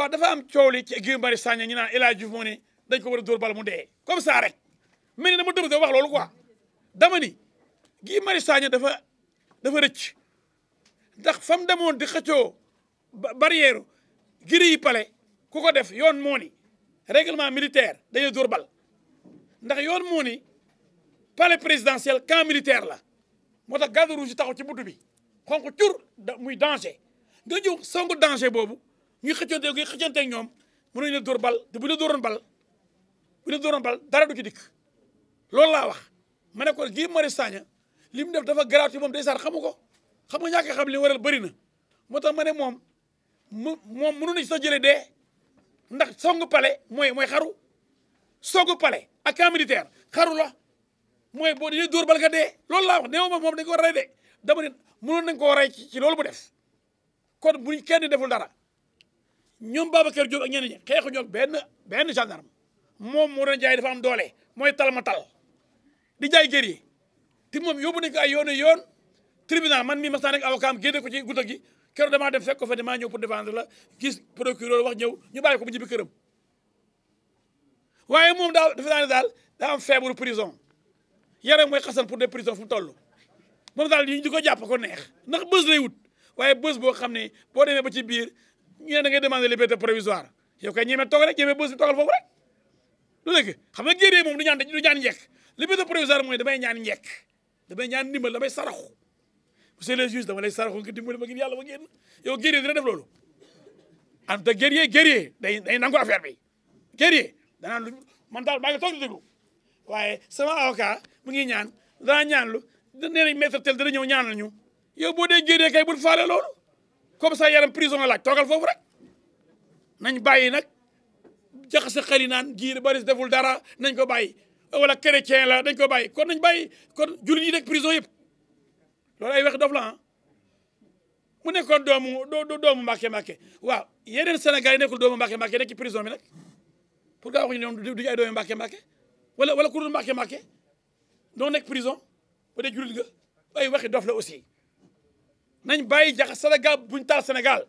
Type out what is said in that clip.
waa dafa am coow li ci Guy Marius Sagna ñu naan El Hadji ko war a dóor bal mu dee comme ça rek mel ni dama dëgg wax loolu quoi dama ni Guy Marius Sagna dafa dafa rëcc ndax fam demoon di xëccoo barrière giri yi pale ku ko def yoon moo ni militaire dañuy dóor bal ndax yoon moo ni palais présidentiel camp militaire la moo tax garde rouge yi taxaw ci bunt bi xonk cur muy danger nga ñëw songu danger boobu ñuy xëccante gi xëccanteeg ñoom mën nañu la bal te bu ñu la bal bu ñu la dara du ci dikk loolu laa wax ma ne ko Guy Marius Sagna li mu def dafa garaaw moom day saar xamu ko xam nga ñàkk xam li waral bëri na moo tax ma moom mu moom mënu na ci sax jëlee dee ndax songu pale mooy mooy xaru songu pale ak camp militaire xaru la mooy boo dañuy dóor bal nga dee loolu laa wax néew ma moom dañ ko rey de dama ne mënoon nañ koo rey ci loolu bu def kon buñ kenn deful dara ñoom Babacar Diop ak ñeneen ñi xeexu ñoog benn benn gendarme moom moo doon jaay dafa am doole mooy tal ma tal di jaay gër yi te moom yóbbu nañ kaay ay yoonu yoon tribunal man mii mas naa nekk avocat am génne ko ci gudda gi keroog damaa dem fekk ko fa damaa ñëw pour défendre la gis procureur wax ñëw ñu bàyyi ko bu ñibbi këram waaye daa dafa naa ne daal daa am feebaru prison yaram mooy xasan pour des prison fu mu toll moom daal yi di ko jàpp ko neex ndax bës lay wut waaye bës boo xam ne boo demee ba ci biir ñe da ngay demander liberté provisoire yow kay ñeme togal rek ñeme bëss bi toogal foofu rek lu nek xam nga géeree mom du ñaan du ñaan ñek liberté provisoire mooy damay ñaan njekk damay ñaan ndimbal damay saraxu monsieur le juge dama lay saraxu nga dimbali ma ngir yalla ma génn yow géeree dina def lolu am ta guerrier guerrier day day nangu affaire bi da danaan lu man dal ba nga toog degu waye sama avocat mu ngi ñaan da ñaan lu da nañ maître tel dana ñëw ñaanal ñu yow bo dé guerrier kay bu faalé lolu comme ça yaram prison la togal fofu rek nañ bayyi nak jaxase xel yi naan giir baris deful dara nañ ko bayyi wala chrétien la dañ ko bayyi kon nañ bayyi kon jullit yi nekk prison yep lolou ay wax dof la ah mu nekkoon doomu doomu Mbàkke Mbàkke waaw yeneen Sénégal yi nekkul doomu Mbàkke Mbàkke nekk ci prison bi nag pourquoi waxuñu ñoom du ay doomu Mbàkke Mbàkke wala wala ku dul Mbàkke Mbàkke doo nekk prison ba dee jullit nga ay waxi dof la aussi nañ bàyyi jaxasala gaab buñ taal Sénégal